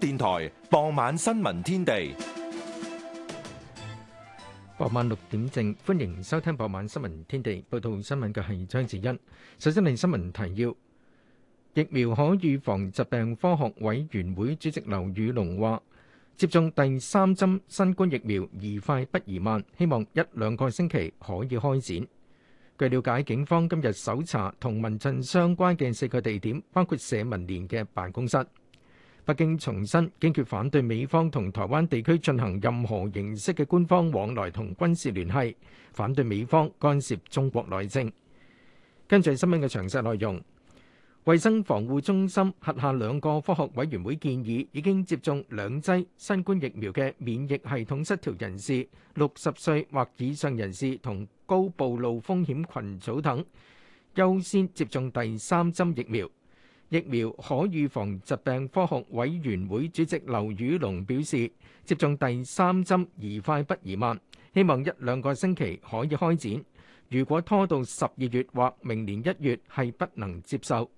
電台傍晚新聞天地，傍晚六點正，歡迎收聽傍晚新聞天地。報道新聞嘅係張子欣。首先嚟新聞提要：疫苗可預防疾病科學委員會主席劉宇龍話，接種第三針新冠疫苗宜快不宜慢，希望一兩個星期可以開展。據了解，警方今日搜查同民陣相關嘅四個地點，包括社民連嘅辦公室。北京重申堅決反對美方同台灣地區進行任何形式嘅官方往來同軍事聯繫，反對美方干涉中國內政。跟住新聞嘅詳細內容。衛生防護中心轄下兩個科學委員會建議，已經接種兩劑新冠疫苗嘅免疫系統失調人士、六十歲或以上人士同高暴露風險群組等，優先接種第三針疫苗。疫苗可預防疾病科學委員會主席劉宇龍表示，接種第三針宜快不宜慢，希望一兩個星期可以開展。如果拖到十二月或明年一月，係不能接受。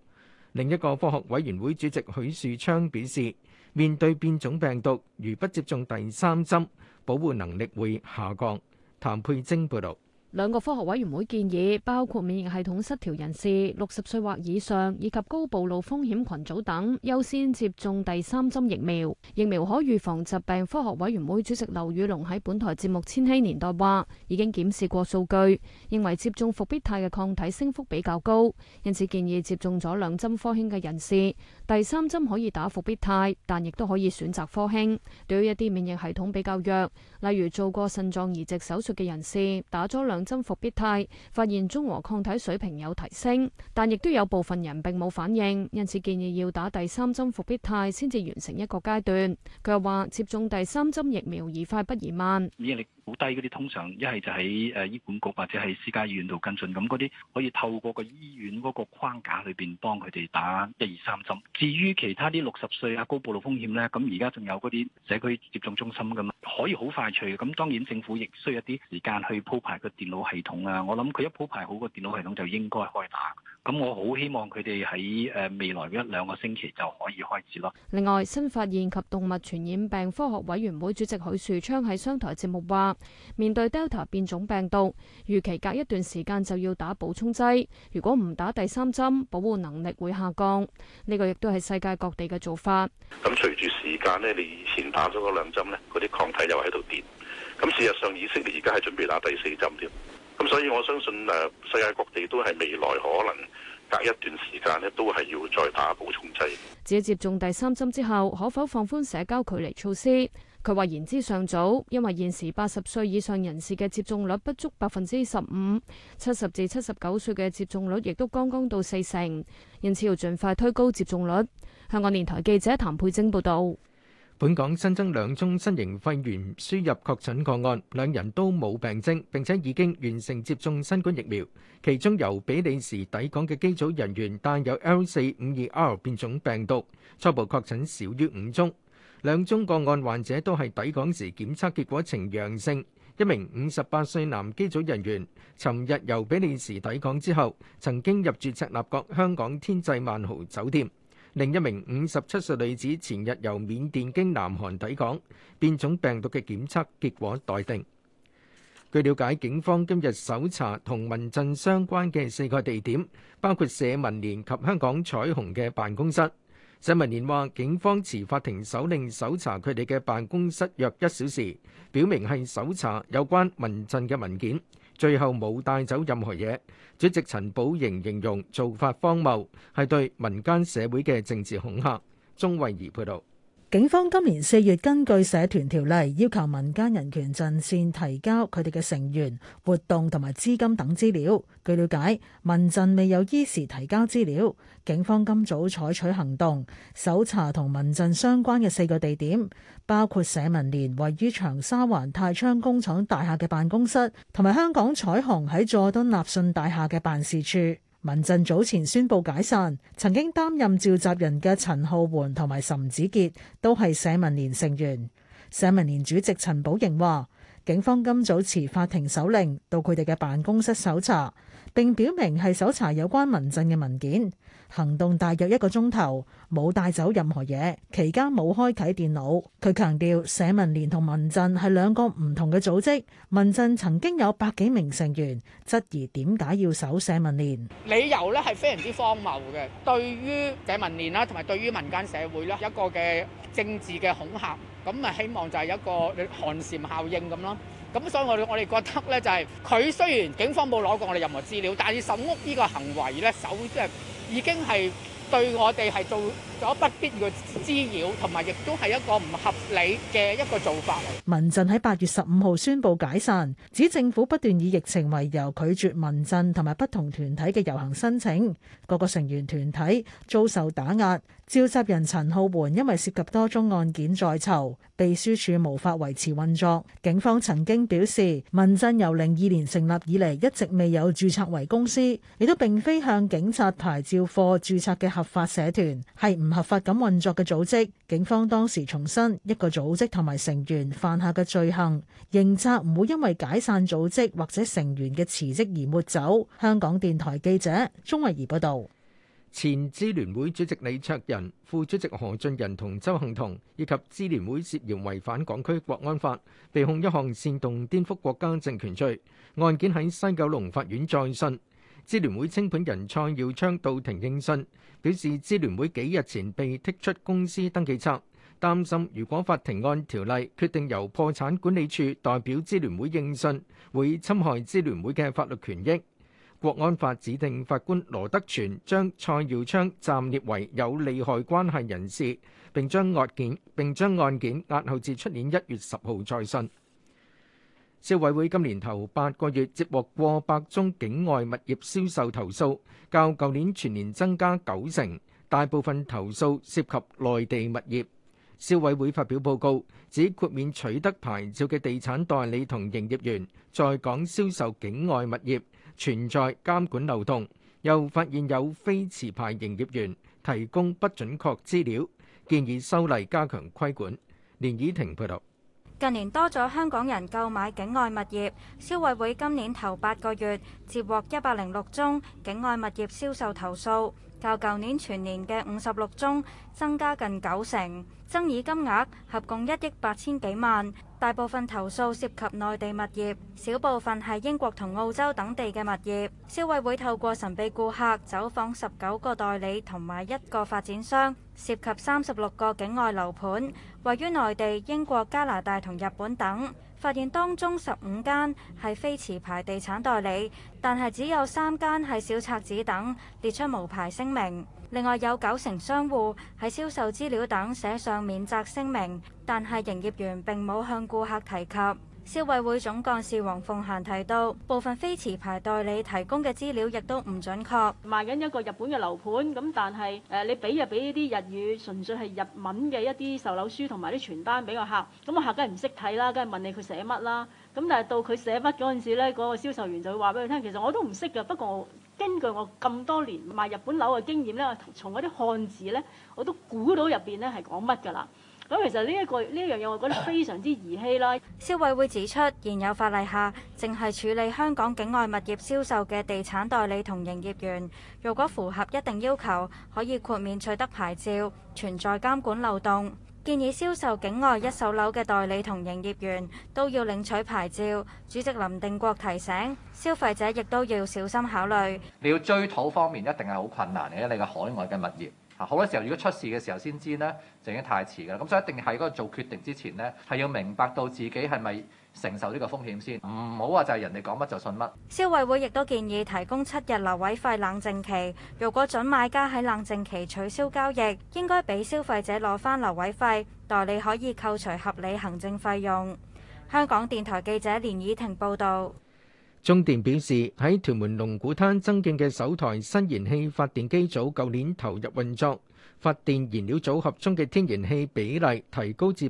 另一個科學委員會主席許樹昌表示，面對變種病毒，如不接種第三針，保護能力會下降。譚佩晶報道。兩個科學委員會建議，包括免疫系統失調人士、六十歲或以上以及高暴露風險群組等，優先接種第三針疫苗。疫苗可預防疾病科學委員會主席劉宇隆喺本台節目《千禧年代》話，已經檢視過數據，認為接種伏必泰嘅抗體升幅比較高，因此建議接種咗兩針科興嘅人士，第三針可以打伏必泰，但亦都可以選擇科興。對於一啲免疫系統比較弱，例如做過腎臟移植手術嘅人士，打咗兩。針復必泰，發現中和抗體水平有提升，但亦都有部分人並冇反應，因此建議要打第三針復必泰先至完成一個階段。佢又話接種第三針疫苗宜快不宜慢。好低嗰啲通常一係就喺誒醫管局或者係私家醫院度跟進。咁嗰啲可以透過個醫院嗰個框架裏邊幫佢哋打一二三針。至於其他啲六十歲啊、高暴露風險呢，咁而家仲有嗰啲社區接種中心噶嘛，可以好快脆嘅。咁當然政府亦需要一啲時間去鋪排個電腦系統啊。我諗佢一鋪排好個電腦系統就應該可以打。咁我好希望佢哋喺誒未來一兩個星期就可以開始咯。另外，新發現及動物傳染病科學委員會主席許樹昌喺商台節目話：面對 Delta 變種病毒，預期隔一段時間就要打補充劑。如果唔打第三針，保護能力會下降。呢個亦都係世界各地嘅做法。咁隨住時間咧，你以前打咗嗰兩針咧，嗰啲抗體又喺度跌。咁事實上，以色列而家係準備打第四針添。咁所以，我相信誒世界各地都係未來可能隔一段時間咧，都係要再打補充劑，至於接種第三針之後可否放寬社交距離措施？佢話言之尚早，因為現時八十歲以上人士嘅接種率不足百分之十五，七十至七十九歲嘅接種率亦都剛剛到四成，因此要盡快推高接種率。香港電台記者譚佩晶報道。本港新增兩宗新型肺炎輸入確診個案，兩人都冇病徵，並且已經完成接種新冠疫苗。其中由比利時抵港嘅機組人員帶有 L 四五二 R 變種病毒，初步確診少於五宗。兩宗個案患者都係抵港時檢測結果呈陽性。一名五十八歲男機組人員尋日由比利時抵港之後，曾經入住赤鱲角香港天際萬豪酒店。另一名五十七歲女子前日由緬甸經南韓抵港，變種病毒嘅檢測結果待定。據瞭解，警方今日搜查同民陣相關嘅四個地點，包括社民連及香港彩虹嘅辦公室。社民連話，警方持法庭手令搜查佢哋嘅辦公室約一小時，表明係搜查有關民陣嘅文件。最後冇帶走任何嘢。主席陳寶瑩形容做法荒謬，係對民間社會嘅政治恐嚇。鍾慧儀報導。警方今年四月根據社團條例要求民間人權陣線提交佢哋嘅成員活動同埋資金等資料。據了解，民陣未有依時提交資料，警方今早採取行動搜查同民陣相關嘅四個地點，包括社民連位於長沙灣太昌工廠大廈嘅辦公室，同埋香港彩虹喺佐敦立信大廈嘅辦事處。民陣早前宣布解散，曾經擔任召集人嘅陳浩桓同埋岑子杰都係社民連成員。社民連主席陳寶瑩話，警方今早持法庭手令到佢哋嘅辦公室搜查，並表明係搜查有關民陣嘅文件。行動大約一個鐘頭，冇帶走任何嘢，期間冇開啓電腦。佢強調社民連同民陣係兩個唔同嘅組織，民陣曾經有百幾名成員，質疑點解要守社民連？理由呢，係非常之荒謬嘅，對於社民連啦，同埋對於民間社會啦，一個嘅政治嘅恐嚇。咁啊，希望就係有一個寒蟬效應咁咯。咁所以我我哋覺得咧、就是，就係佢雖然警方冇攞過我哋任何資料，但係搜屋呢個行為咧，首即係已經係對我哋係做咗不必要嘅滋擾，同埋亦都係一個唔合理嘅一個做法嚟。民陣喺八月十五號宣布解散，指政府不斷以疫情為由拒絕民陣同埋不同團體嘅遊行申請，各個成員團體遭受打壓。召集人陳浩桓因為涉及多宗案件在囚，秘書處無法維持運作。警方曾經表示，民陣由零二年成立以嚟一直未有註冊為公司，亦都並非向警察牌照課註冊嘅合法社團，係唔合法咁運作嘅組織。警方當時重申，一個組織同埋成員犯下嘅罪行，刑責唔會因為解散組織或者成員嘅辭職而抹走。香港電台記者鍾慧儀報道。前支聯會主席李卓人、副主席何俊仁同鄒幸彤以及支聯會涉嫌違反港區國安法，被控一項煽動顛覆國家政權罪。案件喺西九龍法院再訊，支聯會清盤人蔡耀昌到庭應訊，表示支聯會幾日前被剔出公司登記冊，擔心如果法庭按條例決定由破產管理處代表支聯會應訊，會侵害支聯會嘅法律權益。國安法指定法官羅德全將蔡耀昌暫列為有利害關係人士，並將案件並將案件押後至出年一月十號再訊。消委會今年頭八個月接獲過百宗境外物業銷售投訴，較舊年全年增加九成。大部分投訴涉及內地物業。消委會發表報告，指豁免取得牌照嘅地產代理同營業員在港銷售境外物業，存在監管漏洞，又發現有非持牌營業員提供不準確資料，建議修例加強規管。連倚婷報導，近年多咗香港人購買境外物業，消委會今年頭八個月接獲一百零六宗境外物業銷售投訴。較舊年全年嘅五十六宗增加近九成，爭議金額合共一億八千幾萬，大部分投訴涉及內地物業，少部分係英國同澳洲等地嘅物業。消委會透過神秘顧客走訪十九個代理同埋一個發展商，涉及三十六個境外樓盤，位於內地、英國、加拿大同日本等。發現當中十五間係非持牌地產代理，但係只有三間喺小冊子等列出無牌聲明。另外有九成商戶喺銷售資料等寫上免責聲明，但係營業員並冇向顧客提及。消委會總幹事黃鳳嫻提到，部分非持牌代理提供嘅資料亦都唔準確。賣緊一個日本嘅樓盤，咁但係誒、呃，你俾就俾一啲日語，純粹係日文嘅一啲售樓書同埋啲傳單俾個客，咁個客梗係唔識睇啦，梗係問你佢寫乜啦。咁但係到佢寫乜嗰陣時咧，嗰、那個銷售員就會話俾佢聽，其實我都唔識噶，不過根據我咁多年賣日本樓嘅經驗咧，從嗰啲漢字咧，我都估到入邊咧係講乜噶啦。咁其實呢、這個、一個呢一樣嘢，我覺得非常之兒戲啦。消委會指出，現有法例下，淨係處理香港境外物業銷售嘅地產代理同營業員，如果符合一定要求，可以豁免取得牌照，存在監管漏洞。建議銷售境外一手樓嘅代理同營業員都要領取牌照。主席林定國提醒消費者，亦都要小心考慮，你要追討方面，一定係好困難嘅，你嘅海外嘅物業。好多時候，如果出事嘅時候先知呢，就已經太遲噶啦。咁所以一定喺嗰個做決定之前呢，係要明白到自己係咪承受呢個風險先，唔好話就係人哋講乜就信乜。消委會亦都建議提供七日留位費冷靜期，如果準買家喺冷靜期取消交易，應該俾消費者攞翻留位費，代理可以扣除合理行政費用。香港電台記者連以婷報導。中電表示，喺屯門龍鼓灘增建嘅首台新燃氣發電機組舊年投入運作，發電燃料組合中嘅天然氣比例提高至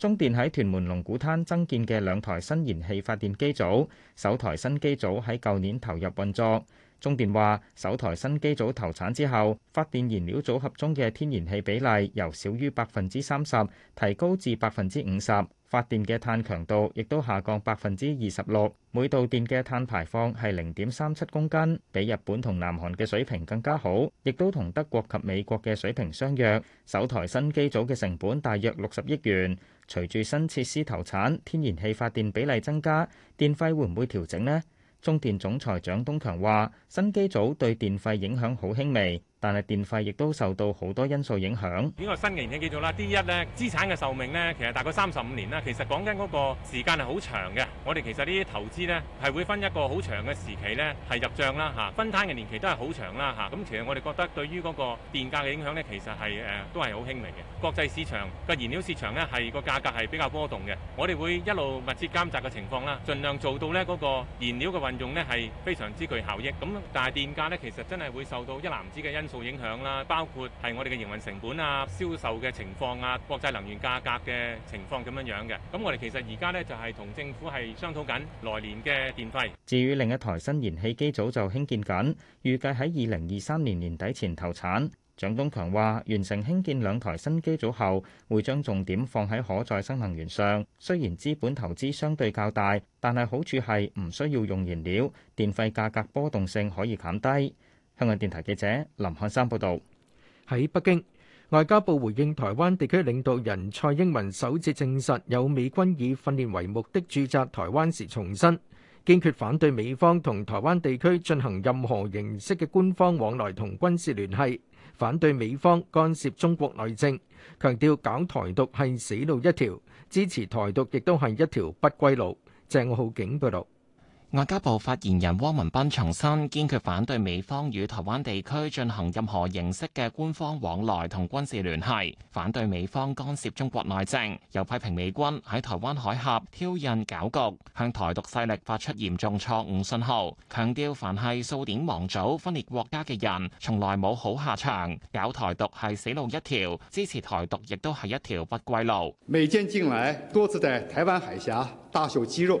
中電喺屯門龍鼓灘增建嘅兩台新燃氣發電機組，首台新機組喺舊年投入運作。中電話，首台新機組投產之後，發電燃料組合中嘅天然氣比例由少於百分之三十提高至百分之五十，發電嘅碳強度亦都下降百分之二十六，每度電嘅碳排放係零點三七公斤，比日本同南韓嘅水平更加好，亦都同德國及美國嘅水平相若。首台新機組嘅成本大約六十億元。隨住新設施投產，天然氣發電比例增加，電費會唔會調整呢？中電總裁蔣東強話，新機組對電費影響好輕微。但係電費亦都受到好多因素影響。呢個新嘅年期叫做啦 D 一咧，資產嘅壽命咧其實大概三十五年啦。其實講緊嗰個時間係好長嘅。我哋其實資呢啲投資咧係會分一個好長嘅時期咧係入帳啦嚇，分攤嘅年期都係好長啦嚇。咁、啊、其實我哋覺得對於嗰個電價嘅影響咧，其實係誒、呃、都係好輕微嘅。國際市場個燃料市場咧係個價格係比較波動嘅。我哋會一路密切監察嘅情況啦，盡量做到咧嗰、那個燃料嘅運用咧係非常之具效益。咁、啊、但係電價咧其實真係會受到一籃子嘅因受影響啦，包括係我哋嘅營運成本啊、銷售嘅情況啊、國際能源價格嘅情況咁樣樣嘅。咁我哋其實而家呢就係同政府係商討緊來年嘅電費。至於另一台新燃氣機組就興建緊，預計喺二零二三年年底前投產。蔣東強話：完成興建兩台新機組後，會將重點放喺可再生能源上。雖然資本投資相對較大，但係好處係唔需要用燃料，電費價格波動性可以減低。香港電台記者林漢山報道：喺北京，外交部回應台灣地區領導人蔡英文首次證實有美軍以訓練為目的駐紮台灣時重申，堅決反對美方同台灣地區進行任何形式嘅官方往來同軍事聯繫，反對美方干涉中國內政，強調搞台獨係死路一條，支持台獨亦都係一條不歸路。鄭浩景報道。外交部發言人汪文斌重申，堅決反對美方與台灣地區進行任何形式嘅官方往來同軍事聯繫，反對美方干涉中國內政，又批評美軍喺台灣海峽挑釁攪局，向台獨勢力發出嚴重錯誤信號，強調凡係數典忘祖分裂國家嘅人，從來冇好下場，搞台獨係死路一條，支持台獨亦都係一條不歸路。美軍近來多次在台灣海峽大秀肌肉。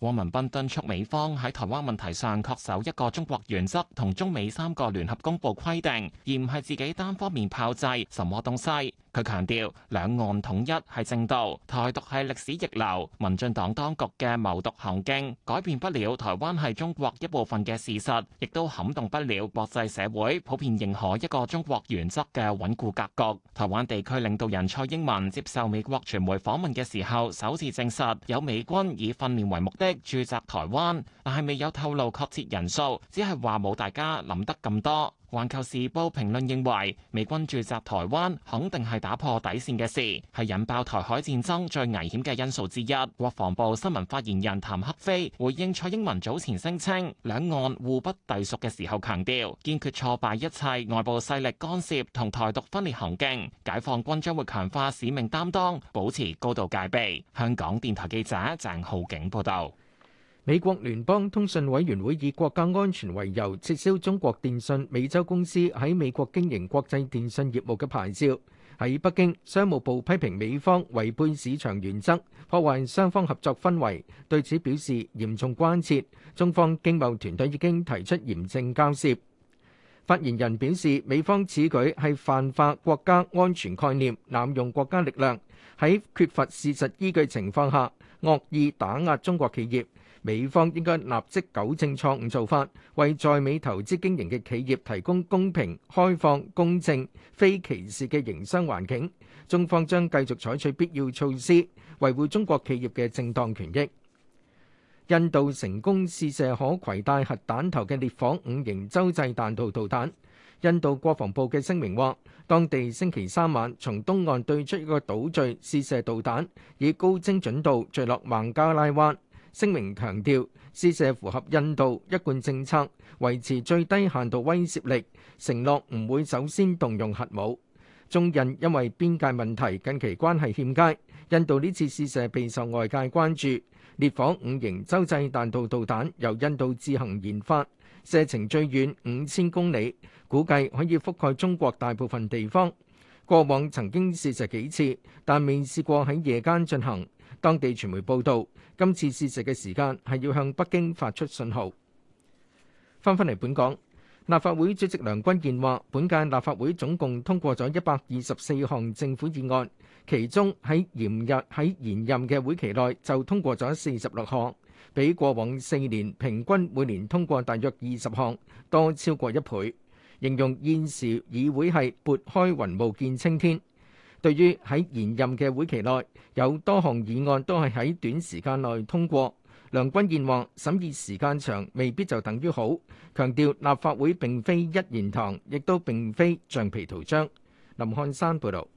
汪文斌敦促美方喺台灣問題上恪守一個中國原則同中美三個聯合公布規定，而唔係自己單方面炮製什麼東西。佢強調兩岸統一係正道，台獨係歷史逆流，民進黨當局嘅謀獨行徑改變不了台灣係中國一部分嘅事實，亦都撼動不了國際社會普遍認可一個中國原則嘅穩固格局。台灣地區領導人蔡英文接受美國傳媒訪問嘅時候，首次證實有美軍以訓練為目的駐紮台灣，但係未有透露確切人數，只係話冇大家諗得咁多。《環球時報》評論認為，美軍駐紮台灣肯定係打破底線嘅事，係引爆台海戰爭最危險嘅因素之一。國防部新聞發言人譚克非回應蔡英文早前聲稱兩岸互不隸屬嘅時候強調，強調堅決挫敗一切外部勢力干涉同台獨分裂行徑。解放軍將會強化使命擔當，保持高度戒備。香港電台記者鄭浩景報道。美國聯邦通訊委員會以國家安全為由撤銷中國電信美洲公司喺美國經營國際電信業務嘅牌照。喺北京，商務部批評美方違背市場原則，破壞雙方合作氛圍，對此表示嚴重關切，中方經貿團隊已經提出嚴正交涉。喺缺乏事實依據情況下，惡意打壓中國企業，美方應該立即糾正錯誤做法，為在美投資經營嘅企業提供公平、開放、公正、非歧視嘅營商環境。中方將繼續採取必要措施，維護中國企業嘅正當權益。印度成功試射可攜帶核彈頭嘅烈火五型洲際彈道導彈。印度國防部嘅聲明話，當地星期三晚從東岸對出一個島嶼試射導彈，以高精準度墜落孟加拉灣。聲明強調試射符合印度一貫政策，維持最低限度威懾力，承諾唔會首先動用核武。中印因為邊界問題近期關係欠佳，印度呢次試射備受外界關注。烈火五型洲際彈道導彈由印度自行研發，射程最遠五千公里。估計可以覆蓋中國大部分地方。過往曾經試射幾次，但未試過喺夜間進行。當地傳媒報道，今次試射嘅時間係要向北京發出信號。翻返嚟本港，立法會主席梁君彥話，本屆立法會總共通過咗一百二十四項政府議案，其中喺嚴日喺延任嘅會期內就通過咗四十六項，比過往四年平均每年通過大約二十項多超過一倍。形容現時議會係撥開雲霧見青天。對於喺延任嘅會期內有多項議案都係喺短時間內通過，梁君彥話審議時間長未必就等於好，強調立法會並非一言堂，亦都並非橡皮圖章。林漢山報導，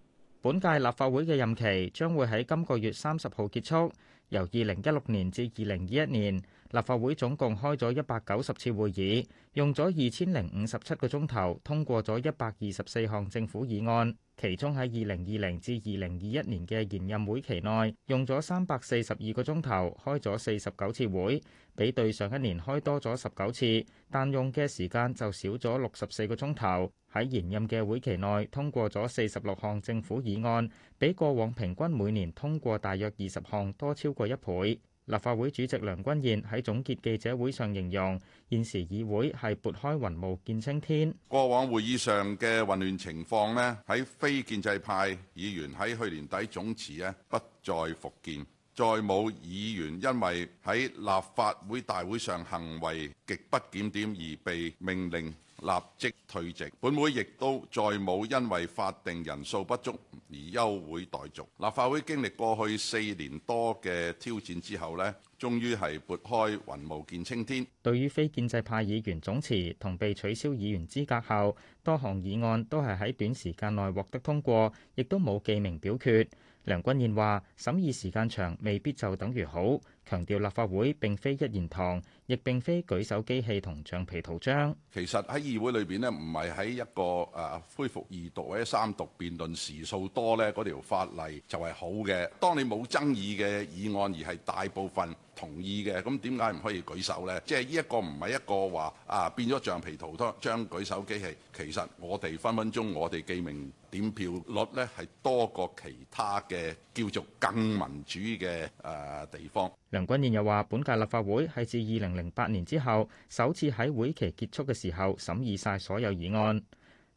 本屆立法會嘅任期將會喺今個月三十號結束，由二零一六年至二零二一年。立法會總共開咗一百九十次會議，用咗二千零五十七個鐘頭，通過咗一百二十四項政府議案。其中喺二零二零至二零二一年嘅延任會期內，用咗三百四十二個鐘頭，開咗四十九次會，比對上一年開多咗十九次，但用嘅時間就少咗六十四個鐘頭。喺延任嘅會期內，通過咗四十六項政府議案，比過往平均每年通過大約二十項多超過一倍。立法會主席梁君彥喺總結記者會上形容，現時議會係撥開雲霧見青天。過往會議上嘅混亂情況呢，喺非建制派議員喺去年底總辭，呢不再復見，再冇議員因為喺立法會大會上行為極不檢點而被命令。立即退席，本會亦都再冇因為法定人數不足而休會待續。立法會經歷過去四年多嘅挑戰之後呢，終於係撥開雲霧見青天。對於非建制派議員總辭同被取消議員資格後，多項議案都係喺短時間內獲得通過，亦都冇記名表決。梁君彥話：審議時間長未必就等於好。強調立法會並非一言堂，亦並非舉手機器同橡皮圖章。其實喺議會裏邊呢，唔係喺一個誒恢復二讀或者三讀辯論時數多呢嗰條法例就係好嘅。當你冇爭議嘅議案而係大部分同意嘅，咁點解唔可以舉手呢？即係呢一個唔係一個話啊變咗橡皮圖章將舉手機器。其實我哋分分鐘我哋記名點票率呢，係多過其他嘅叫做更民主嘅誒地方。梁君彥又話，本屆立法會係自二零零八年之後，首次喺會期結束嘅時候審議晒所有議案。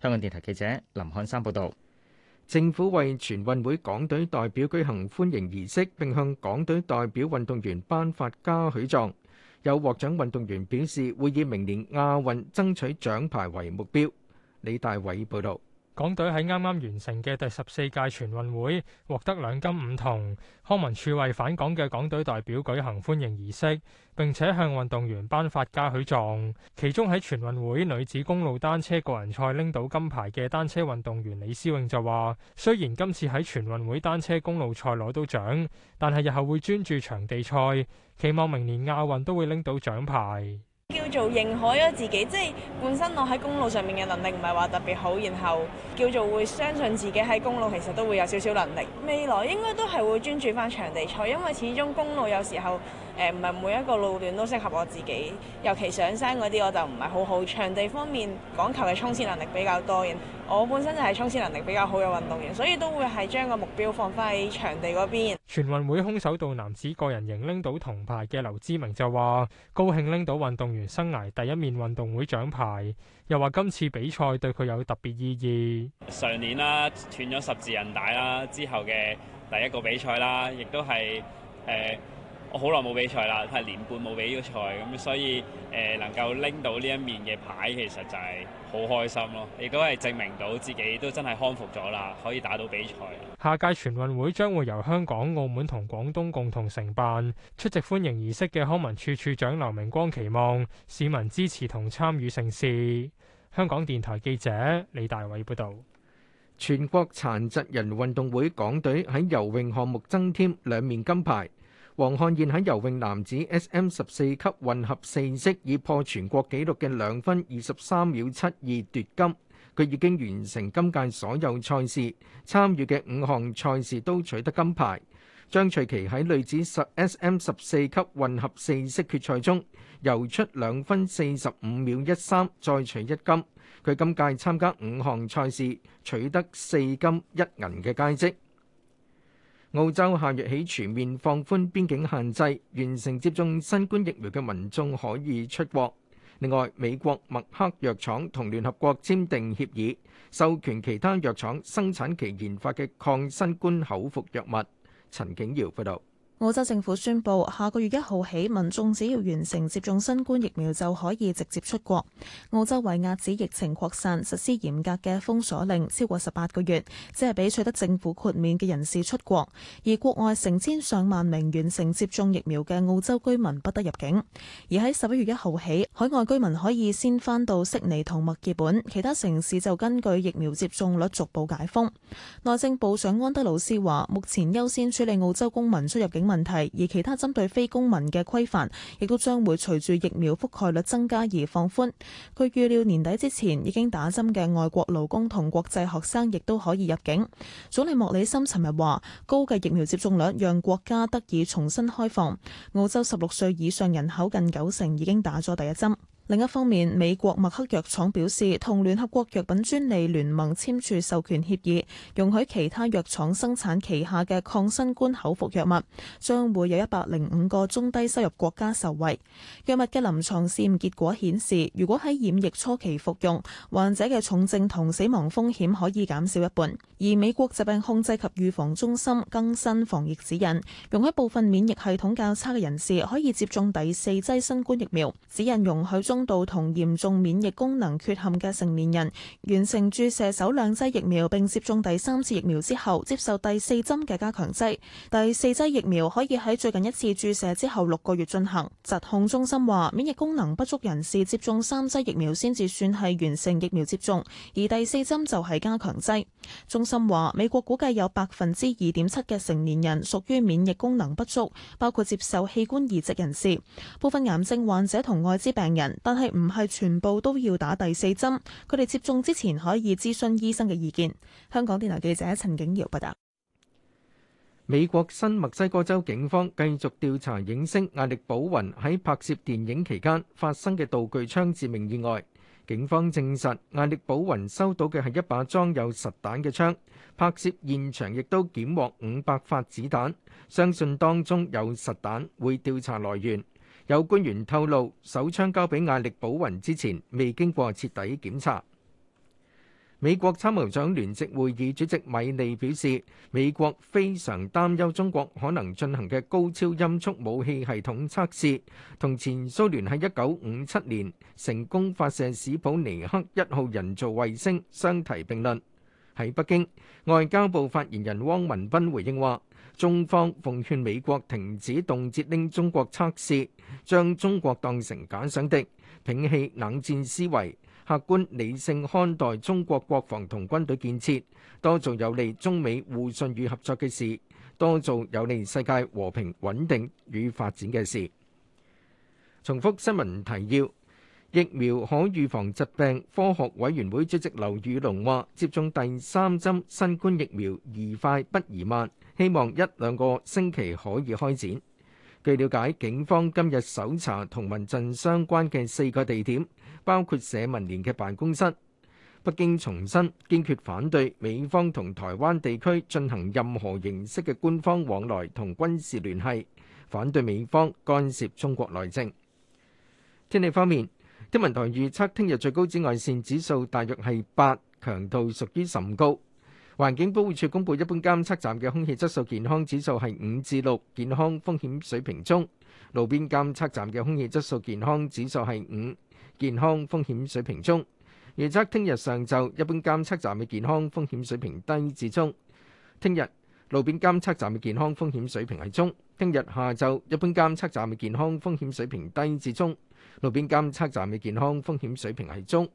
香港電台記者林漢山報導。政府為全運會港隊代表舉行歡迎儀式，並向港隊代表運動員頒發嘉許狀。有獲獎運動員表示，會以明年亞運爭取獎牌為目標。李大偉報導。港隊喺啱啱完成嘅第十四屆全運會獲得兩金五銅，康文署為返港嘅港隊代表舉行歡迎儀式，並且向運動員頒發嘉許狀。其中喺全運會女子公路單車個人賽拎到金牌嘅單車運動員李思穎就話：雖然今次喺全運會單車公路賽攞到獎，但係日後會專注場地賽，期望明年亞運都會拎到獎牌。叫做認可咗自己，即係本身我喺公路上面嘅能力唔係話特別好，然後叫做會相信自己喺公路其實都會有少少能力。未來應該都係會專注翻場地賽，因為始終公路有時候誒唔係每一個路段都適合我自己，尤其上山嗰啲我就唔係好好。場地方面，講求嘅衝刺能力比較多。我本身就係衝刺能力比較好嘅運動員，所以都會係將個目標放返喺場地嗰邊。全運會空手道男子個人型拎到銅牌嘅劉志明就話：高興拎到運動員生涯第一面運動會獎牌，又話今次比賽對佢有特別意義。上年啦，斷咗十字韌帶啦，之後嘅第一個比賽啦，亦都係誒。呃好耐冇比賽啦，係年半冇比咗賽，咁所以誒能夠拎到呢一面嘅牌，其實就係好開心咯，亦都係證明到自己都真係康復咗啦，可以打到比賽。下屆全運會將會由香港、澳門同廣東共同承辦。出席歡迎儀式嘅康文處處長劉明光期望市民支持同參與盛事。香港電台記者李大偉報導。全國殘疾人運動會港隊喺游泳項目增添兩面金牌。黃漢燕喺游泳男子 S.M 十四級混合四式以破全國紀錄嘅兩分二十三秒七二奪金，佢已經完成今屆所有賽事，參與嘅五項賽事都取得金牌。張翠琪喺女子十 S.M 十四級混合四式決賽中游出兩分四十五秒一三再取一金，佢今屆參加五項賽事取得四金一銀嘅佳績。澳洲下月起全面放寬邊境限制，完成接種新冠疫苗嘅民眾可以出國。另外，美國默克藥廠同聯合國簽訂協議，授權其他藥廠生產其研發嘅抗新冠口服藥物。陳景耀報導。澳洲政府宣布，下個月一號起，民眾只要完成接種新冠疫苗就可以直接出國。澳洲為遏止疫情擴散，實施嚴格嘅封鎖令超過十八個月，只係俾取得政府豁免嘅人士出國，而國外成千上萬名完成接種疫苗嘅澳洲居民不得入境。而喺十一月一號起，海外居民可以先返到悉尼同墨爾本，其他城市就根據疫苗接種率逐步解封。內政部長安德魯斯話，目前優先處理澳洲公民出入境問題，而其他針對非公民嘅規範，亦都將會隨住疫苗覆蓋率增加而放寬。佢預料年底之前已經打針嘅外國勞工同國際學生，亦都可以入境。總理莫里森尋日話，高嘅疫苗接種率讓國家得以重新開放。澳洲十六歲以上人口近九成已經打咗第一針。另一方面，美國默克藥廠表示，同聯合國藥品專利聯盟簽署授權協議，容許其他藥廠生產旗下嘅抗新冠口服藥物，將會有一百零五個中低收入國家受惠。藥物嘅臨床試驗結果顯示，如果喺染疫初期服用，患者嘅重症同死亡風險可以減少一半。而美國疾病控制及預防中心更新防疫指引，容許部分免疫系統較差嘅人士可以接種第四劑新冠疫苗。指引容許中中度同嚴重免疫功能缺陷嘅成年人，完成注射首兩劑疫苗，並接種第三次疫苗之後，接受第四針嘅加強劑。第四劑疫苗可以喺最近一次注射之後六個月進行。疾控中心話，免疫功能不足人士接種三劑疫苗先至算係完成疫苗接種，而第四針就係加強劑。中心話，美國估計有百分之二點七嘅成年人屬於免疫功能不足，包括接受器官移植人士、部分癌症患者同艾滋病人。但係唔係全部都要打第四針。佢哋接種之前可以諮詢醫生嘅意見。香港電台記者陳景堯報道。美國新墨西哥州警方繼續調查影星艾力保雲喺拍攝電影期間發生嘅道具槍致命意外。警方證實艾力保雲收到嘅係一把裝有實彈嘅槍，拍攝現場亦都檢獲五百發子彈，相信當中有實彈，會調查來源。有官員透露，手槍交俾艾力保雲之前，未經過徹底檢查。美國參謀長聯席會議主席米利表示，美國非常擔憂中國可能進行嘅高超音速武器系統測試，同前蘇聯喺一九五七年成功發射史普尼克一號人造衛星相提並論。喺北京，外交部發言人汪文斌回應話。中方奉勸美國停止動輒拿中國說事，將中國當成假想敵，摒棄冷戰思維，客觀理性看待中國國防同軍隊建設，多做有利中美互信與合作嘅事，多做有利世界和平穩定與發展嘅事。重複新聞提要。疫苗可預防疾病。科學委員會主席劉宇隆話，接種第三針新冠疫苗宜快不宜慢，希望一兩個星期可以開展。據了解，警方今日搜查同民陣相關嘅四個地點，包括社民連嘅辦公室。北京重申，堅決反對美方同台灣地區進行任何形式嘅官方往來同軍事聯繫，反對美方干涉中國內政。天氣方面。天文台預測，聽日最高紫外線指數大約係八，強度屬於甚高。環境保護署公布，一般監測站嘅空氣質素健康指數係五至六，健康風險水平中；路邊監測站嘅空氣質素健康指數係五，健康風險水平中。預測聽日上晝一般監測站嘅健康風險水平低至中。聽日。路邊監測站嘅健康風險水平係中。聽日下晝一般監測站嘅健康風險水平低至中。路邊監測站嘅健康風險水平係中。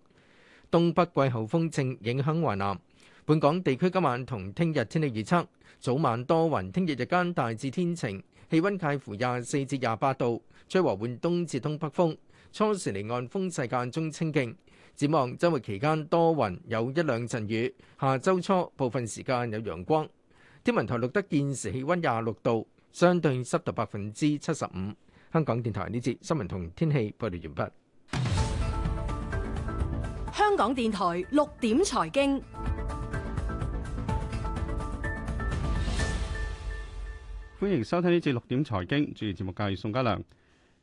東北季候風正影響華南，本港地區今晚同聽日天氣預測：早晚多雲，聽日日間大致天晴，氣溫介乎廿四至廿八度，吹和緩東至東北風。初時離岸風勢間中清勁，展望周末期間多雲，有一兩陣雨。下周初部分時間有陽光。天文台錄得現時氣溫廿六度，相對濕度百分之七十五。香港電台呢節新聞同天氣報道完畢。香港電台六點財經，歡迎收聽呢節六點財經，主持節目嘅係宋家良。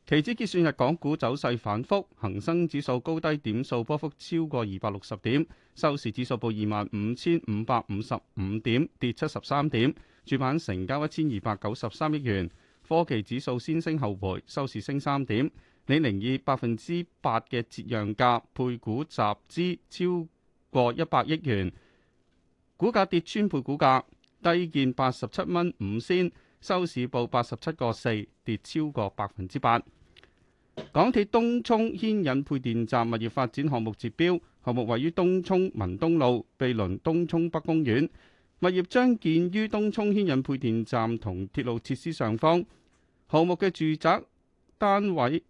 期指結算日，港股走勢反覆，恒生指數高低點數波幅超過二百六十點，收市指數報二萬五千五百五十五點，跌七十三點。主板成交一千二百九十三億元。科技指數先升後回，收市升三點。李寧以百分之八嘅折讓價配股集資超過一百億元，股價跌穿配股價，低見八十七蚊五仙，收市報八十七個四，跌超過百分之八。港鐵東涌牽引配電站物業發展項目截標，項目位於東涌文東路，毗鄰東涌北公園。物業將建於東涌牽引配電站同鐵路設施上方。項目嘅住宅單位，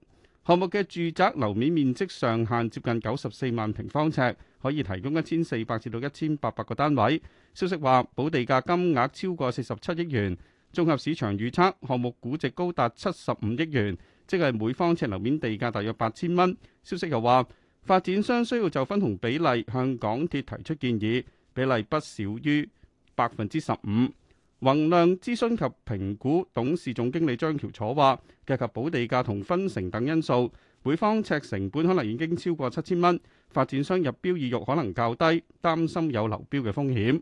項目嘅住宅樓面面積上限接近九十四萬平方尺，可以提供一千四百至到一千八百個單位。消息話，補地價金額超過四十七億元。綜合市場預測，項目估值高達七十五億元。即係每方尺樓面地價大約八千蚊。消息又話，發展商需要就分紅比例向港鐵提出建議，比例不少於百分之十五。宏亮諮詢及評估董事總經理張橋楚話，計及補地價同分成等因素，每方尺成本可能已經超過七千蚊。發展商入標意欲可能較低，擔心有流標嘅風險。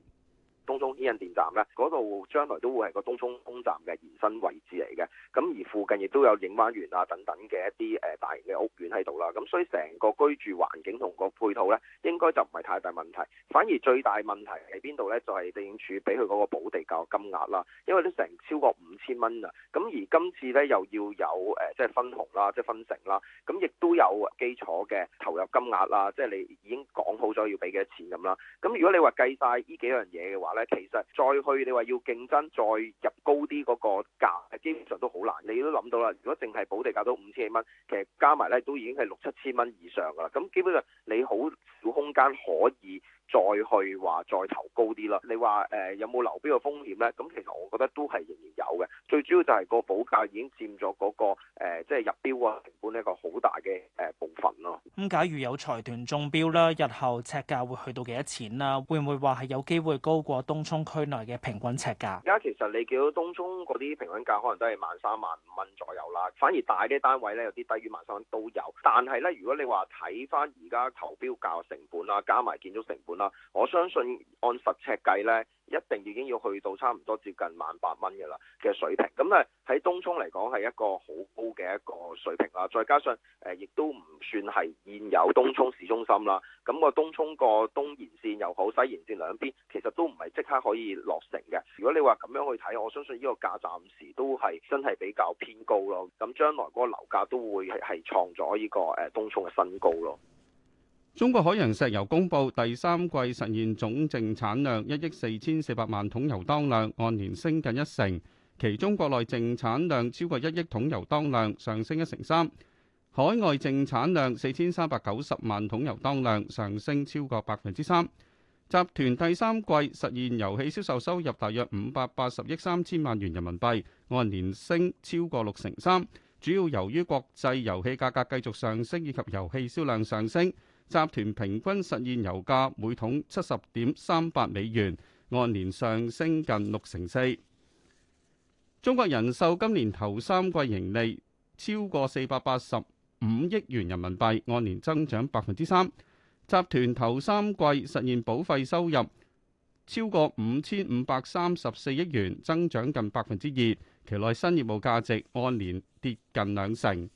電站咧，嗰度將來都會係個東涌東站嘅延伸位置嚟嘅。咁而附近亦都有影灣園啊等等嘅一啲誒大型嘅屋苑喺度啦。咁所以成個居住環境同個配套咧，應該就唔係太大問題。反而最大問題喺邊度咧？就係、是、地政署俾佢嗰個補地價金額啦。因為都成超過五千蚊啊。咁而今次咧又要有誒即係分紅啦，即、就、係、是、分成啦。咁亦都有基礎嘅投入金額啦，即、就、係、是、你已經講好咗要俾幾多錢咁啦。咁如果你話計晒呢幾樣嘢嘅話咧，其實再去你話要競爭再入高啲嗰個價，誒基本上都好難，你都諗到啦。如果淨係保地價都五千幾蚊，其實加埋咧都已經係六七千蚊以上噶啦。咁基本上你好少空間可以再去話再投高啲啦。你話誒、呃、有冇流標嘅風險咧？咁其實我覺得都係仍然有嘅。最主要就係個保價已經佔咗嗰、那個誒，即、呃、係、就是、入標啊成、呃、本一個好大嘅誒。呃咁、嗯、假如有財團中標咧，日後尺價會去到幾多錢啦？會唔會話係有機會高過東涌區內嘅平均尺價？而家其實你見到東涌嗰啲平均價可能都係萬三萬五蚊左右啦，反而大啲單位咧有啲低於萬三蚊都有。但係咧，如果你話睇翻而家投標價成本啦，加埋建築成本啦，我相信按實尺計咧。一定已經要去到差唔多接近萬八蚊嘅啦嘅水平，咁啊喺東涌嚟講係一個好高嘅一個水平啦，再加上誒亦、呃、都唔算係現有東涌市中心啦，咁個東涌個東延線又好西延線兩邊，其實都唔係即刻可以落成嘅。如果你話咁樣去睇，我相信呢個價暫時都係真係比較偏高咯。咁將來嗰個樓價都會係係創咗呢個誒東涌嘅新高咯。中國海洋石油公布第三季實現總淨產量一億四千四百萬桶油當量，按年升近一成。其中國內淨產量超過一億桶油當量，上升一成三；海外淨產量四千三百九十萬桶油當量，上升超過百分之三。集團第三季實現油氣銷售收入大約五百八十億三千萬元人民幣，按年升超過六成三，主要由於國際油氣價格繼續上升以及油氣銷量上升。集團平均實現油價每桶七十點三八美元，按年上升近六成四。中國人壽今年頭三季盈利超過四百八十五億元人民幣，按年增長百分之三。集團頭三季實現保費收入超過五千五百三十四億元，增長近百分之二。期內新業務價值按年跌近兩成。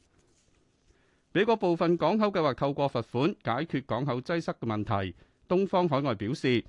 美國部分港口計劃透過罰款解決港口擠塞嘅問題。東方海外表示，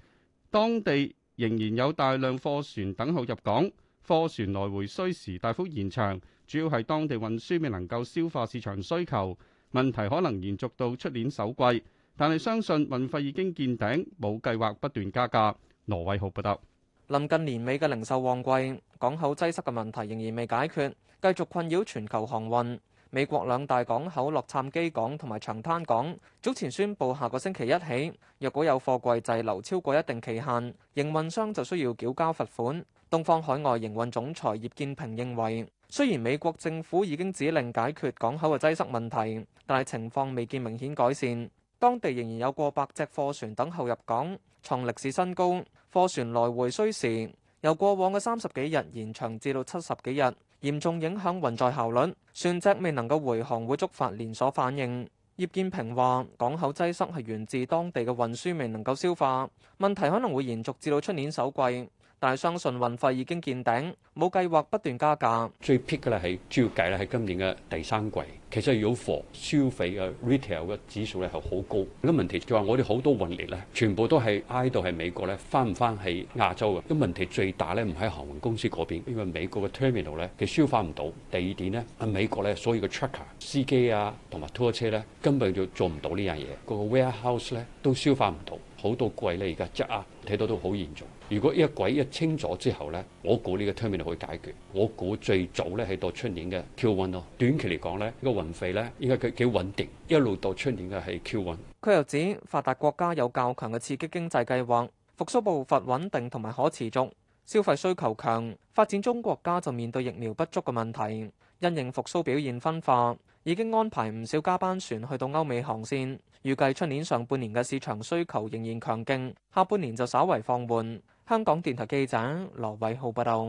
當地仍然有大量貨船等候入港，貨船來回需時大幅延長，主要係當地運輸未能夠消化市場需求，問題可能延續到出年首季。但係相信運費已經見頂，冇計劃不斷加價。羅偉豪報道。臨近年尾嘅零售旺季，港口擠塞嘅問題仍然未解決，繼續困擾全球航運。美國兩大港口洛杉磯港同埋長灘港，早前宣布下個星期一起，若果有貨櫃滯留超過一定期限，營運商就需要繳交罰款。東方海外營運總裁葉建平認為，雖然美國政府已經指令解決港口嘅擠塞問題，但係情況未見明顯改善。當地仍然有過百隻貨船等候入港，創歷史新高。貨船來回需時由過往嘅三十幾日延長至到七十幾日。嚴重影響運載效率，船隻未能夠回航會觸發連鎖反應。葉建平話：港口擠塞係源自當地嘅運輸未能夠消化，問題可能會延續至到出年首季，但係相信運費已經見頂，冇計劃不斷加價。最撇嘅係主要計咧係今年嘅第三季。其實有貨消費嘅、啊、retail 嘅指數咧係好高。咁問題就話我哋好多運力咧，全部都係挨到係美國咧，翻唔翻喺亞洲嘅？咁問題最大咧唔喺航運公司嗰邊，因為美國嘅 terminal 咧佢消化唔到。第二點咧喺美國咧，所有嘅 trucker 司機啊同埋拖車咧根本就做唔到呢樣嘢。嗰個 warehouse 咧都消化唔到，好多櫃咧而家積壓，睇到都好嚴重。如果一櫃一清咗之後咧，我估呢個 terminal 會解決。我估最早咧係到出年嘅 Q1 咯。短期嚟講咧，個運運費咧，依家佢幾穩定，一路到出年嘅係翹穩。佢又指發達國家有較強嘅刺激經濟計劃，復甦步伐穩定同埋可持續，消費需求強。發展中國家就面對疫苗不足嘅問題，因應復甦表現分化。已經安排唔少加班船去到歐美航線，預計出年上半年嘅市場需求仍然強勁，下半年就稍為放緩。香港電台記者羅偉浩報道。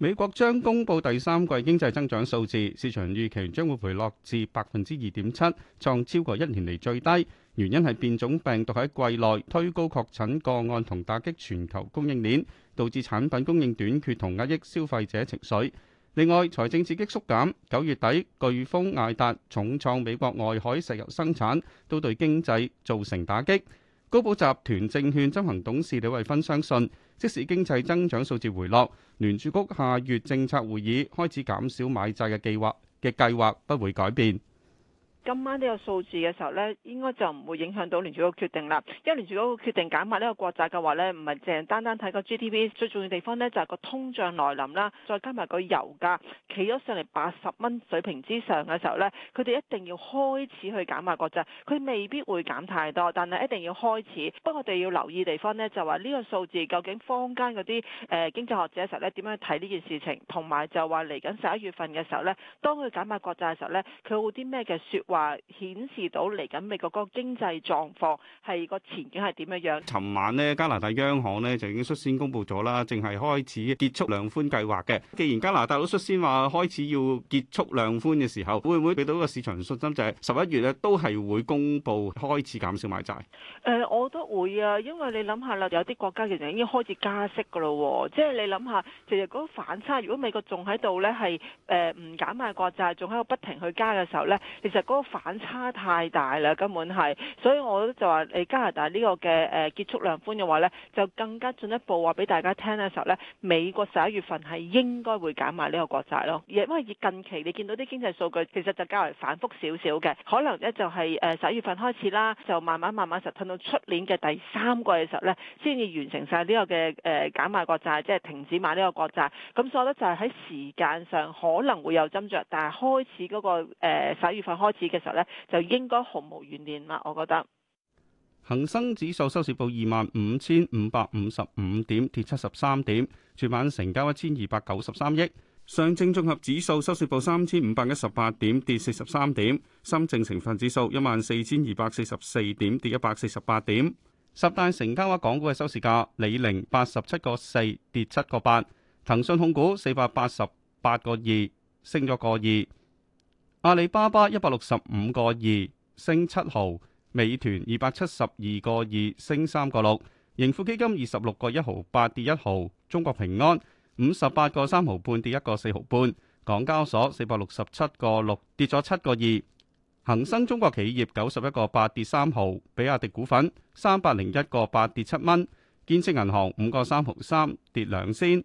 美國將公布第三季經濟增長數字，市場預期將會回落至百分之二點七，創超過一年嚟最低。原因係變種病毒喺季內推高確診個案同打擊全球供應鏈，導致產品供應短缺同壓抑消費者情緒。另外，財政刺激縮減，九月底颶風艾達重創美國外海石油生產，都對經濟造成打擊。高寶集團證券執行董事李慧芬相信。即使經濟增長數字回落，聯儲局下月政策會議開始減少買債嘅計劃，嘅計劃不會改變。今晚呢個數字嘅時候呢，應該就唔會影響到聯儲局決定啦。因為聯儲局決定減買呢個國債嘅話呢，唔係淨單單睇個 GDP，最重要地方呢，就係個通脹來臨啦。再加埋個油價企咗上嚟八十蚊水平之上嘅時候呢，佢哋一定要開始去減買國債。佢未必會減太多，但係一定要開始。不過我哋要留意地方呢，就話呢個數字究竟坊間嗰啲誒經濟學者嘅時候呢，點樣去睇呢件事情？同埋就話嚟緊十一月份嘅時候呢，當佢減買國債嘅時候呢，佢會有啲咩嘅説話？話顯示到嚟緊美國個經濟狀況係個前景係點樣樣？尋晚咧加拿大央行咧就已經率先公布咗啦，淨係開始結束量寬計劃嘅。既然加拿大都率先話開始要結束量寬嘅時候，會唔會俾到個市場信心就係十一月咧都係會公布開始減少買債？誒，我都會啊，因為你諗下啦，有啲國家其實已經開始加息㗎啦喎，即係你諗下，其實嗰個反差，如果美國仲喺度咧係誒唔減買國債，仲喺度不停去加嘅時候咧，其實嗰反差太大啦，根本係，所以我咧就話，你加拿大呢個嘅，誒結束量寬嘅話呢，就更加進一步話俾大家聽嘅時候呢，美國十一月份係應該會減買呢個國債咯，因為近期你見到啲經濟數據其實就較為反復少少嘅，可能呢，就係誒十一月份開始啦，就慢慢慢慢實褪到出年嘅第三季嘅時候呢，先至完成晒呢個嘅誒減買國債，即係停止買呢個國債，咁所以咧就係喺時間上可能會有斟酌，但係開始嗰個誒十一月份開始。嘅時候咧，就應該毫無懸念啦。我覺得，恒生指數收市報二萬五千五百五十五點，跌七十三點；全晚成交一千二百九十三億。上證綜合指數收市報三千五百一十八點，跌四十三點。深證成分指數一萬四千二百四十四點，跌一百四十八點。十大成交額港股嘅收市價，李寧八十七個四，跌七個八；騰訊控股四百八十八個二，升咗個二。阿里巴巴一百六十五個二升七毫，美團二百七十二個二升三個六。盈富基金二十六個一毫八跌一毫，中國平安五十八個三毫半跌一個四毫半，港交所四百六十七個六跌咗七個二，恒生中國企業九十一個八跌三毫，比亞迪股份三百零一個八跌七蚊，建設銀行五個三毫三跌兩仙。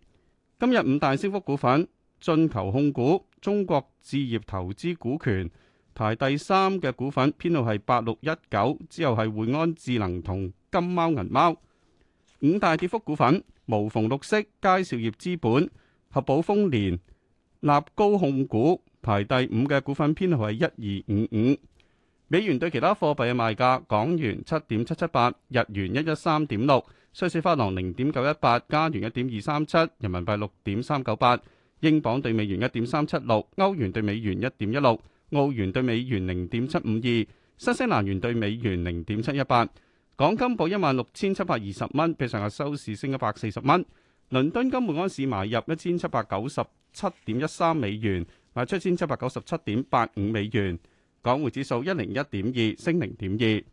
今日五大升幅股份：進球控股。中國置業投資股權排第三嘅股份編號係八六一九，之後係匯安智能同金貓銀貓。五大跌幅股份：無縫綠色、佳兆業資本、合保豐年、立高控股。排第五嘅股份編號係一二五五。美元對其他貨幣嘅賣價：港元七點七七八，日元一一三點六，瑞士法郎零點九一八，加元一點二三七，人民幣六點三九八。英鎊兌美元一點三七六，歐元兌美元一點一六，澳元兌美元零點七五二，新西蘭元兌美元零點七一八。港金報一萬六千七百二十蚊，比上日收市升一百四十蚊。倫敦金每安士買入一千七百九十七點一三美元，賣出一千七百九十七點八五美元。港匯指數一零一點二，升零點二。